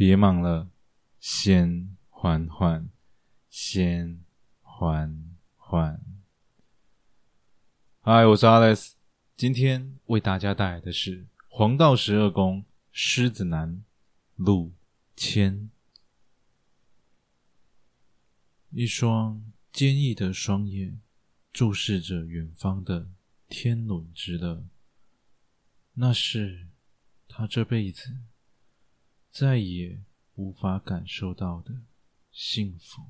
別忙了，先緩緩，先緩緩。嗨，我是 Alex，今天為大家帶來的是黃道十二宮獅子男，陸謙。一雙堅毅的雙眼注視着遠方的天倫之樂，那是他這輩子。再也無法感受到的幸福。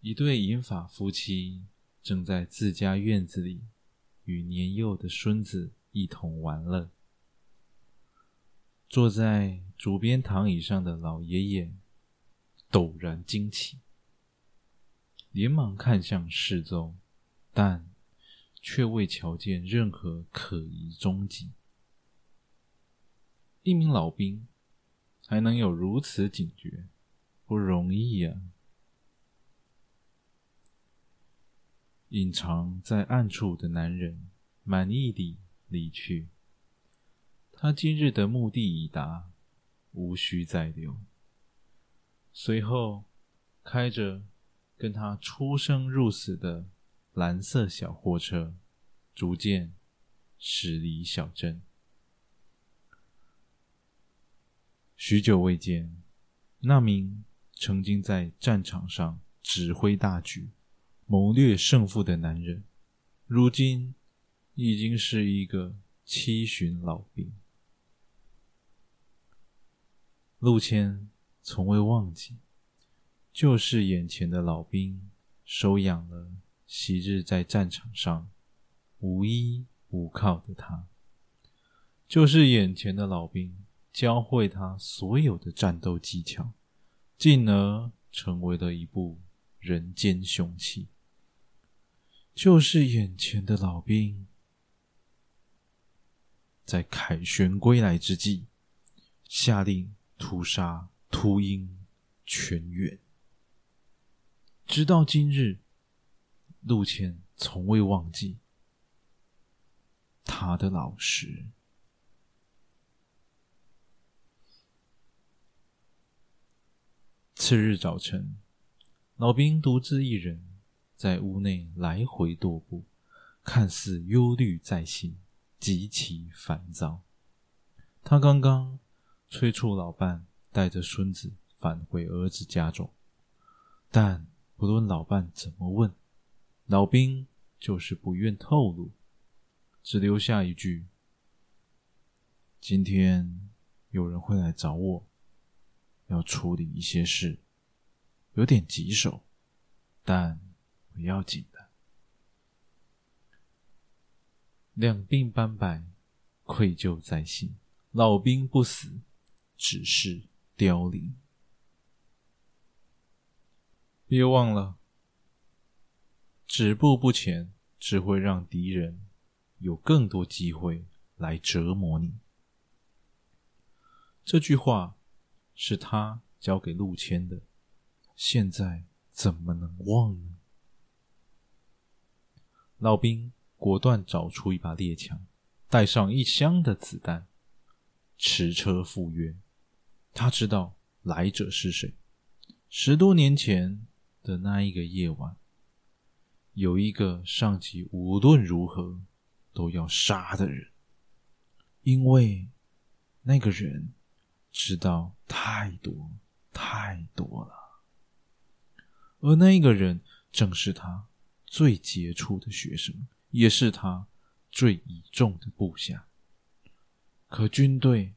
一對銀髮夫妻正在自家院子裡與年幼的孫子一同玩樂。坐在竹編躺椅上的老爺爺陡然驚起，連忙看向四周，但卻未瞧見任何可疑蹤跡。一名老兵，還能有如此警覺，不容易啊！隱藏在暗處的男人滿意地離去。他今日的目的已達，無需再留。隨後，開着跟他出生入死的藍色小貨車，逐漸駛離小鎮。許久未見，那名曾經在戰場上指揮大局、謀略勝負的男人，如今已經是一個七旬老兵。陸謙從未忘記，就是眼前的老兵收養了昔日在戰場上無依無靠的他，就是眼前的老兵，教會他所有的戰鬥技巧，進而成為了一部人間凶器。就是眼前的老兵，在凱旋歸來之際，下令屠殺禿鷹全員。直到今日，陸謙從未忘記他的老師。次日早晨，老兵獨自一人在屋內來回踱步，看似憂慮在心，極其煩躁。他剛剛催促老伴帶着孫子返回兒子家中，但不論老伴怎麼問，老兵就是不願透露，只留下一句：“今天有人會來找我。”要處理一些事，有點棘手，但不要緊的。兩鬢斑白，愧疚在心。老兵不死，只是凋零。別忘了，止步不前只會讓敵人有更多機會來折磨你。這句話。是他教給陸謙的，現在怎麼能忘呢？老兵果斷找出一把獵槍，帶上一箱的子彈，馳車赴約。他知道來者是誰。十多年前的那一個夜晚，有一個上級無論如何都要殺的人，因為那個人。知道太多太多了，而那個人正是他最傑出的學生，也是他最倚重的部下。可軍隊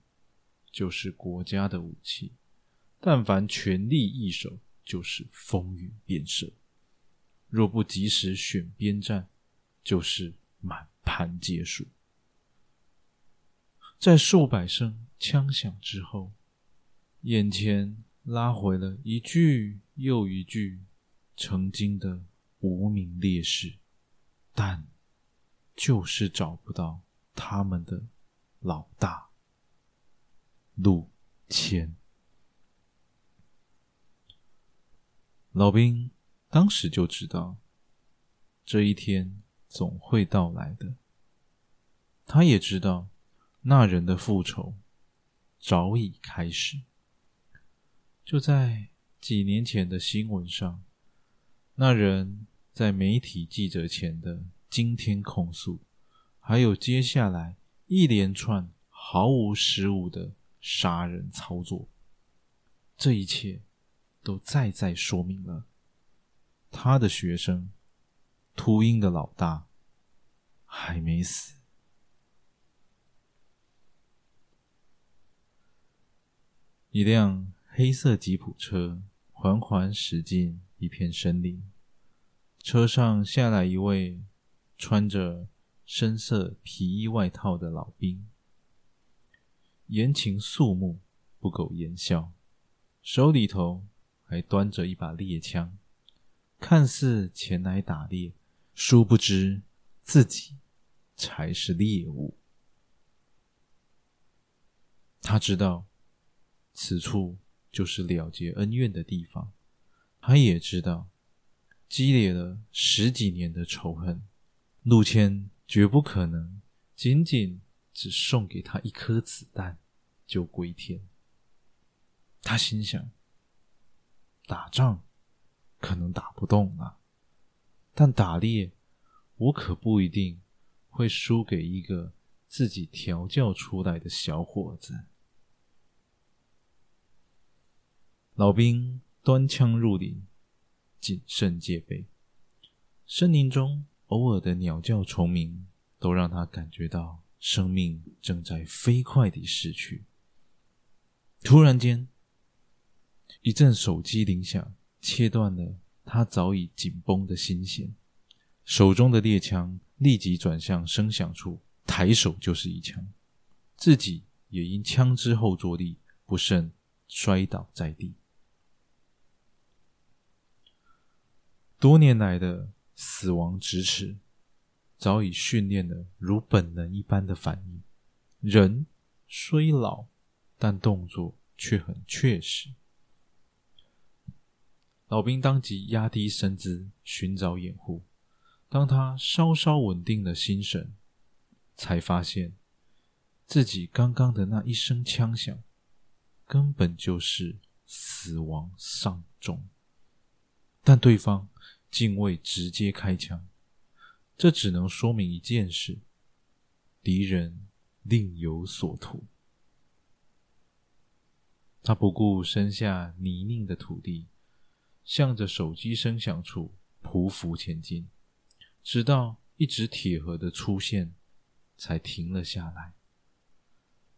就是國家的武器，但凡權力易手，就是風雲變色；若不及時選邊站，就是滿盤皆輸。在數百聲槍響之後，眼前拉回了一具又一具曾經的無名烈士，但就是找不到他們的老大陸謙。老兵當時就知道，這一天總會到來的。他也知道。那人的復仇早已開始，就在幾年前的新聞上，那人在媒體記者前的驚天控訴，還有接下來一連串毫無失誤的殺人操作，這一切都再再說明了，他的學生禿鷹的老大還沒死。一輛黑色吉普車緩緩駛進一片森林，車上下來一位穿着深色皮衣外套的老兵，神情肅穆，不苟言笑，手裡頭還端着一把獵槍，看似前來打獵，殊不知自己才是獵物。他知道，此處就是了結恩怨的地方。他也知道，積累了十幾年的仇恨，陸謙絕不可能僅僅只送給他一顆子彈就歸天。他心想：打仗可能打不動啊，但打獵，我可不一定會輸給一個自己調教出來的小夥子。老兵端槍入林，謹慎戒備。森林中偶爾的鳥叫蟲鳴，都讓他感覺到生命正在飛快地逝去。突然間，一陣手機鈴響，切斷了他早已緊繃的心弦。手中的獵槍立即轉向聲響處，抬手就是一槍，自己也因槍支後坐力不慎摔倒在地。多年來的死亡咫尺早已訓練了如本能一般的反應。人雖老，但動作卻很確實。老兵當即壓低身姿尋找掩護。當他稍稍穩定了心神，才發現自己剛剛的那一聲槍響，根本就是死亡喪鐘。但對方，竟未直接開槍，這只能說明一件事：敵人另有所圖。他不顧身下泥濘的土地，向着手機聲響處匍匐前進，直到一只鐵盒的出現，才停了下來。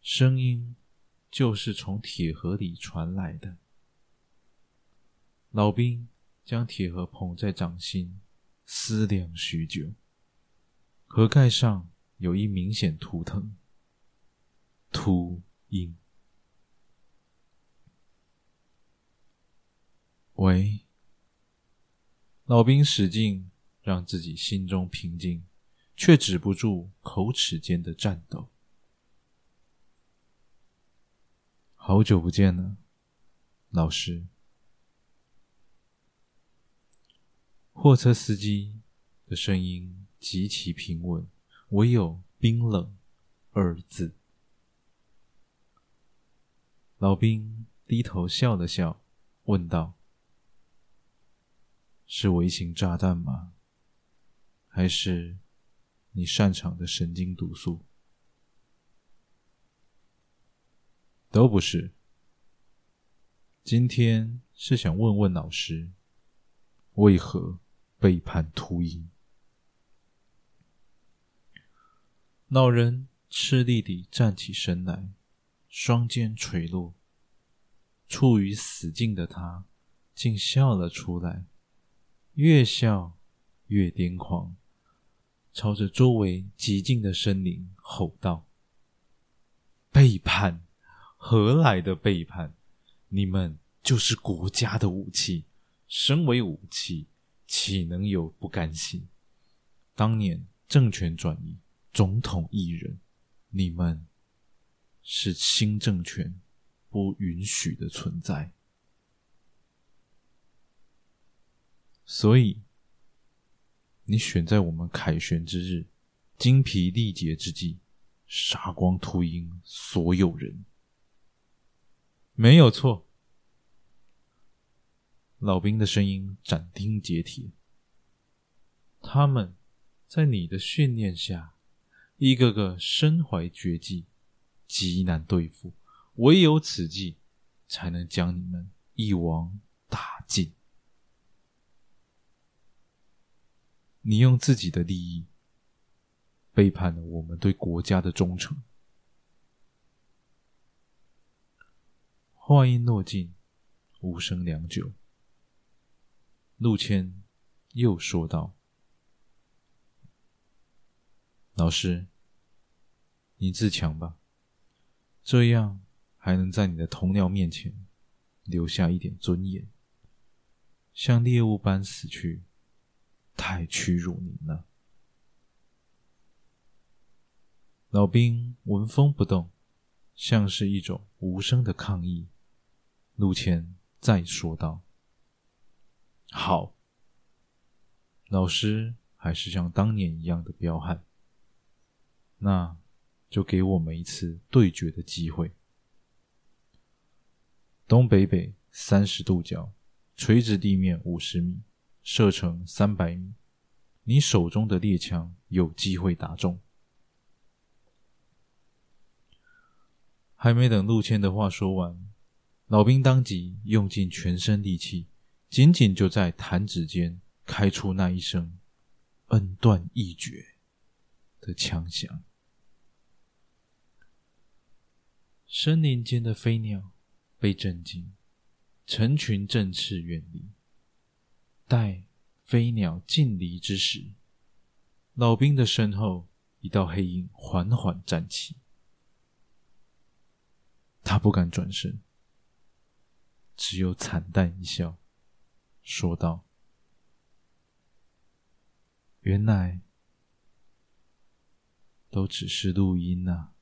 聲音就是從鐵盒裡傳來的，老兵。將鐵盒捧在掌心，思量許久。盒蓋上有一明顯圖騰，禿鷹。喂，老兵使勁讓自己心中平靜，卻止不住口齒間的顫抖。好久不見了，老師。貨車司機的聲音極其平穩，唯有“冰冷”二字。老兵低頭笑了笑，問道：“是微型炸彈嗎？還是你擅長的神經毒素？都不是。今天是想問問老師，為何？”背叛禿鷹！老人吃力地站起身來，雙肩垂落，處於死境的他竟笑了出來，越笑越癲狂，朝着周圍寂靜的森林吼道：“背叛？何來的背叛？你們就是國家的武器，身為武器。”豈能有不甘心？當年政權轉移，總統易人，你們是新政權不允許的存在，所以你選在我們凱旋之日，精疲力竭之際，殺光禿鷹所有人，沒有錯。老兵的聲音斬釘截鐵：“他們在你的訓練下，一個個身懷絕技，極難對付。唯有此計，才能將你們一網打盡。你用自己的利益背叛了我們對國家的忠誠。”話音落盡，無聲良久。陸謙又說道：“老師，你自戕吧，這樣還能在你的同僚面前留下一點尊嚴。像獵物般死去，太屈辱您了。”老兵聞風不動，像是一種無聲的抗議。陸謙再說道。好，老師還是像當年一樣的剽悍！那，就給我們一次對決的機會！東北北三十度角，垂直地面五十米，射程三百米，你手中的獵槍有機會打中。還沒等陸謙的話說完，老兵當即用盡全身力氣。僅僅就在彈指間，開出那一聲“恩斷義絕”的槍響。森林間的飛鳥被震驚，成群振翅遠離。待飛鳥盡離之時，老兵的身後一道黑影緩緩站起。他不敢轉身，只有慘淡一笑。說道：“原來都只是錄音啊！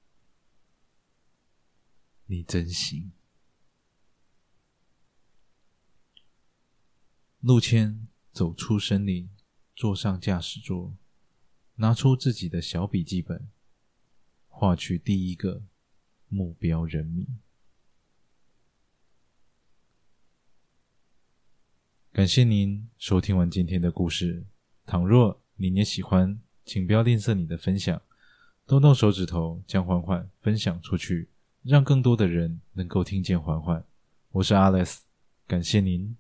你真行。”陸謙走出森林，坐上駕駛座，拿出自己的小筆記本，劃去第一個目標人名。感謝您收聽完今天的故事。倘若你也喜歡，請不要吝嗇你的分享，動動手指頭將環環分享出去，讓更多的人能夠聽見環環。我是 Alex，感謝您。